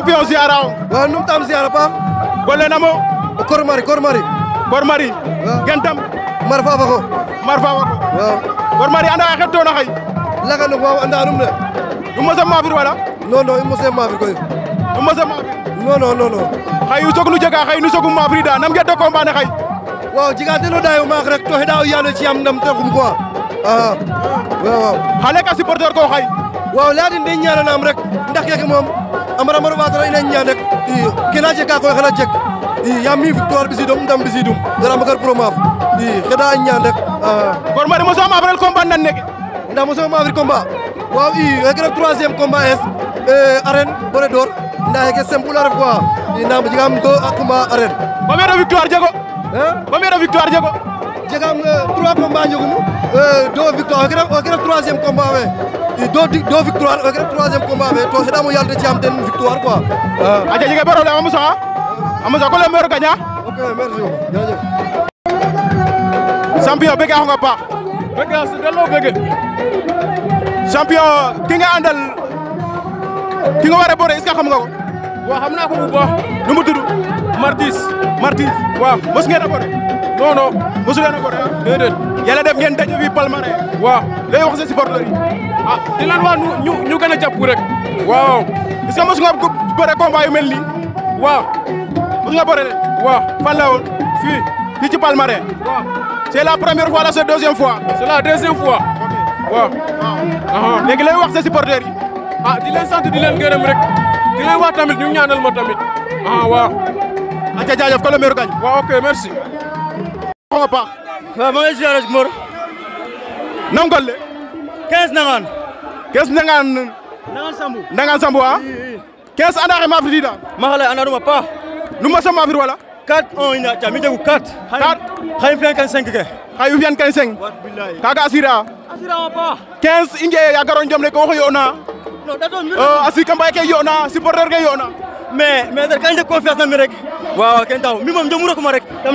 champion ziara o waaw num golle namo o kor mari kor mari kor mari gen tam mar fa fako mar fa fako waaw kor mari anda xe tona xay laga nok waaw anda num ne um mose mafir wala non non um koy um mose mafir non non non non xay u soog xay nu soogum mafri da nam ge de to xeda o yaalo ci am te xum quoi a waaw waaw xale ka supporter ko xay waaw leya den de ñaananaam rek ndax moom amaramaro wadora ina ñanek i kena jeka koy xana jeg i yaam mi victoire ɓisidum ndam ɓisidum garama gar pour o maaf i xeɗa ñaan rek gor mari a maaf rel combat nan neke nda a maafir combat waaw i xeke ref troisiéme combat es arène bore door nda xeke simple a ref quoi i ndam jegaam deux combat arène combien de victoire jego combien jegam eh, trois combats jogunu eh, deux victoire okira okira troisième combat we do do victoire okira troisième combat we to sedamo yalde ci am den victoire quoi eh, aja jege baro la amusa ah. amusa ko le meilleur gagnant ok merci jajeuf champion bega nga ba bega su delo bega champion ki nga andal ki nga wara boré est xam nga ko wa xamna ko bu baax nu mu martis martis wa mos ngeen aboré non non Il y a ko def def ngeen daje fi Palmarès? waaw lay wax sa supporter yi ah di lan wa ñu ñu gëna jappu rek est-ce que nga bëre combat yu mel waaw nga bëre waaw la fi ci Palmarès? waaw c'est la première fois la c'est deuxième fois c'est la deuxième fois waaw waaw ah, ah. légui lay wax sa supporter yi ah di di gërëm rek di wa tamit ñu ñaanal ma tamit ah waaw jaajëf le merci ko nga paax waaw ma ngay ziaré ci mor nam golle 15 nangan 15 nangan nangan sambu nangan sambu ha ah? iya, 15 iya. andare ma fi dida ma xale anadu ma paax lu ma sama wala 4 1 ina jam mi Kat 4 4 xay fiyan kan 5 ke xay fiyan kan 5 kaga asira asira ma paax 15 inge ya garon jom ne ko oh, yona no dato mi euh asi kambay ke yona supporter ke yona mais mais kan de confiance na mi rek waaw ken taw mi mom jom rek ma rek tam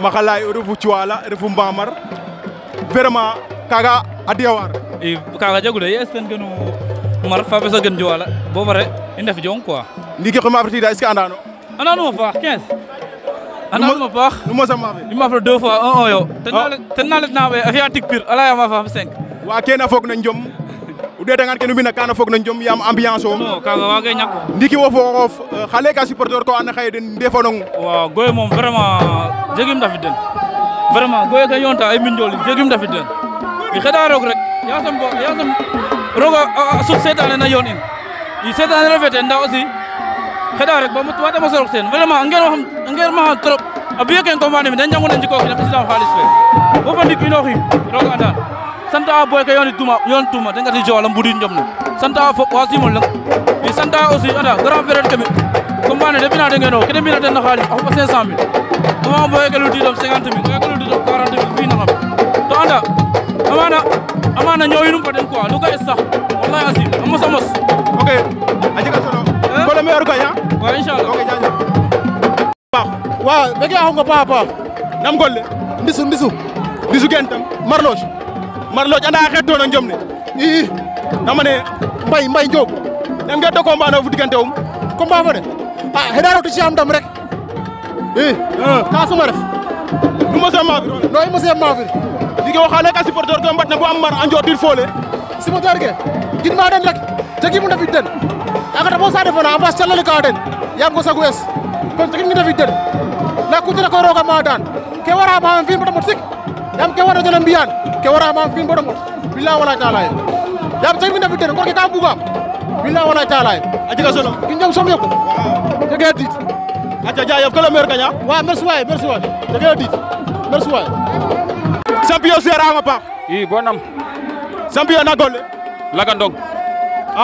maxa refu cuwala refu mbamar vraiment kaga a doya waar i kaga jegule ye ten genu mar fa ɓesa gen cuwala bo i ndef jong quoi ndiki oxe mafritida est ce que andano andanum a paax 15 andanum a paax nu mosa mafe i maaf le deux fois un un yo ten na letna we a fiya tig pir a leyama faaf 5 wa kene a foog na njom dee dengan ke nu kana kaana foog na njom yaam ambiance o kaaga waage ñak ndiki wo fo xale ka supporter ko ando xaye den ndefanong waaw goye mom vraiment jegim ndafit den vraiment goye ka yonta ay minjol jegim ndafit den di xeda roog rek yasam bo yasam roga sut seetaane na yoon in i seetaane refete nda aussi xeda rek ba mutu wata mo sorok sen vraiment ngeen waxam ngeen ma trop a biye ken commande mi den jangu na njikooxi na ɓisidaam xaalis fe fandi fa ndik inooxim roog andaan santawa boy ko yoni duma yon duma de ngati jolam budi jomno santa aussi ata grand frère kemi combane de bina de ngeno kede mina den xali a xopa 500000 duma boy ke ludi dom 50000 boy ke ludi dom 40000 fi na xam to anda amana amana ñoyinum fa den quoi lu ka sax wallahi asim amos amos ok a jega solo eh? ko le meilleur ah? gagnant wa inshallah ok wa bege a xongo paax paax nam golle ndisu ndisu ndisu gentam marloge Mar Lodj anda xettona jomni i namane Mbaye Mbaye Diop nan ngeddo combat no fu diggante um combat fo de ah, a heɗa ci am dam rek i ka suma ref nu mose mafir no mose mafir ndiki waxane ka supporteur ke mbatna bo am mar a njotir foole supporteur ke gidma den rek tegimu ndafid den yakata bo sa defona a mbas calale ka den yaam ko sagu es kon tegim ngi ndafid den na kutira ko roga ma daan ke wara ma am fiin sik yam ke wara jalan mbiyan ke wara mam fin bodomo billahi wala taala yam tay minda na fitere ko ke ka buga billahi wala taala ajiga solo ki ñam som yoko jege dit aja jaayef ko la mer gaña wa merci way merci way jege dit merci way champion serama pa yi bonam champion na golle lagandong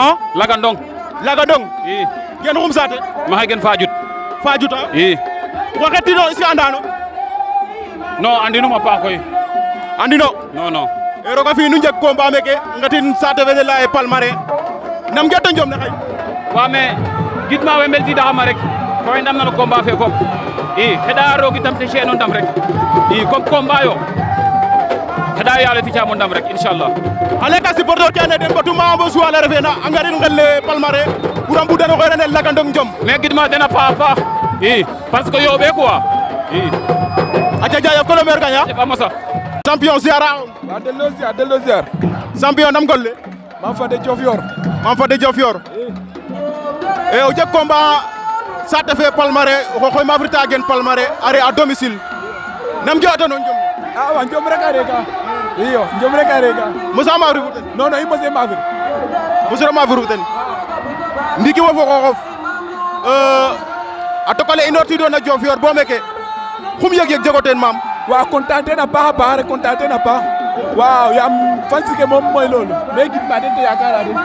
ah lagandong lagandong yi gen rum sate ma gen fajut fajuta ah? yi waxati do isi andano no andinuma pa koy andino non non e roga fi nu jeg combat meke ngatin saate fe leya ye palmarin nam ne xay wa mais gidma we mbel tidaxama rek koy ndam na no combat fe fop i xeɗa roog itam te ceeno ndam rek i yo xeɗa yaale ti caamo ndam rek inchallah ale ka supporter ke ando den batu ma bo suwale refe na ngel le palmarin pour a mbudano xeene ne lagandong njom mais gidma den a paax paax i parce que yooɓe quoi i a jajayof ko le maire gaña fa mosa champion ziara on bah, wa delloo ziar delloo ziar champion nam golle mam fade Diofior mam fade Diofior e o jeg combat saate fe palmarès ma mafrita gen palmarès are à domicile nam jo'atano njom ah wa njom rek a reega iyo njom rek a reega mosa mafri fu non non i mose ma mosiro musa ma ten ndiki wo fo xooxof euh, a tokale inoor tiidoona yor bo meke xum yeg yeg jego teen waaw kontaante na pa a baax kontaante na pa waaw yaam fan si ke moom mooy loolu mais gidma den te yaakaara den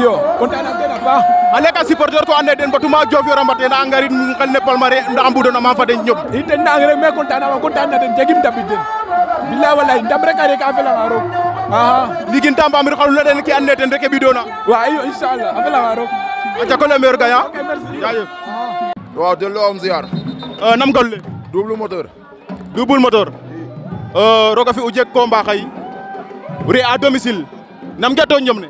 iyo kontaante na pa ale ka supporter ko ande den batuma Diof yo rambat na angarin ngel ne palmarès ndax mbudo na ma fa den ñob i ten na engrais mais kontaan na kontaan na den jegim ndabid den bilaay walaay ndam rek a rek a felanga roog a ligin tamba mi xaluna den ki ande ten rek e bidona waaw iyo inshallah a felanga roog aca kon le meilleur gagnant jaajëf waaw Double Moteur roog a fi'u jeg combat xaye re à domicile nam ge to njomne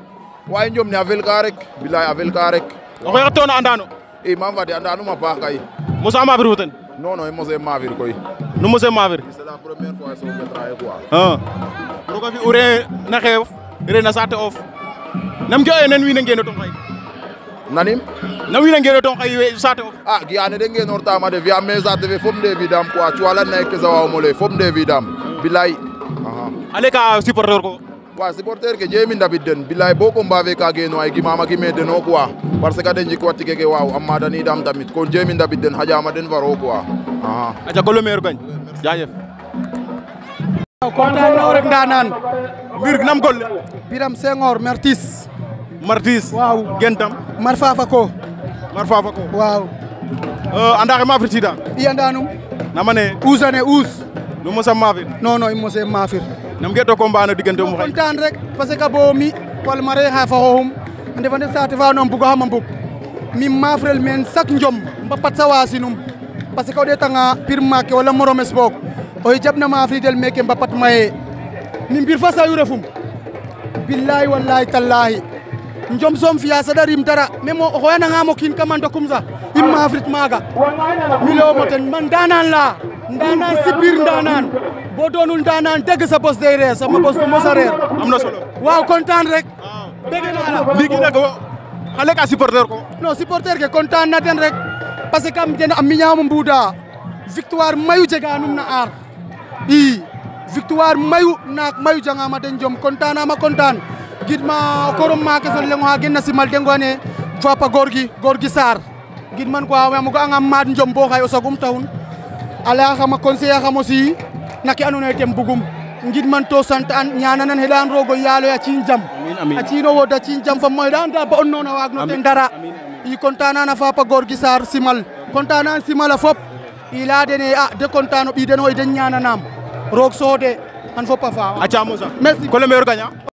waay njomne a felka rek bilaay a felka rek oxe xetoona andano i e, mam fade andanum a paax kay mosa mafir fo ten non non mose mafir koy nu mose mafir c'est la première fois so getraye quoi ah. roog a fi'u re na xeewof re na saate of nam ge oye nen wiin we ngeno tong xaye nanim nawina ngeɗo ton kay sate o a ah, giyane de ngenortama de wiya mais sate fe fop ndewi dam quoi cuwalan naye ke sawawomole fop ndewi dam bilay ale ka supporteur ko wa supporteur ke jemi ndabid den bilay bo combat fe ka geno ay gimama gime deno quoi parce que de watti keke waaw amma danidam damit kon jemi ndabid den xajama den faro quoi aca ko le maire gagne jajef kontaan na rek ndanaan nam gol biram sengor mertis martis wow, gentam marfa ko marfa ko Wow, uh, eh, andare mafritida i iya, andanum namane usane us no mosa mafir non non mose mafir nam geto combat no digante mo xay tan rek parce que bo mi mare ha fa hom ande fande sate fa non bugo hamam bug mi mafrel men sak njom mbapat sa wasinum parce que o detanga pir make wala moromes bok o jabna mafridel meke mbapat maye ni mbir fa sa yurefum billahi wallahi tallahi njom som fiya sadarim dara même o xoyanangam o kin kamando kum sa im mafrit maaga mi leyomo ten man danan la ndanan sibir ndanan bo doonul ndanan sa sa sama bos mo sare amna solo waaw contane rek deg na la ligi nak xale ka supporter ko non supporter ke kontan na rek parce que kam den a miñamo mbuda victoire mayu jeganum na ar i victoire mayu nak mayu jangama den jom contane ma contane gidma korum ma ke sollengo ha genna simal dengo ane fapa gorgi gorgi sar gidman ko awam go anga mad njom bo xay o sogum tawun ala xama conseiller xam aussi naki ando naye bugum gidman to an ñananan heɗan rogo yaalo ya cin jam a cino woda cin jam fam moyɗan da ba on noon a wagno ten dara i contanana fapa gorgi sar simal contanan simala fop i a de contano ɓideno i den ñananam roog soode an fop a fawa a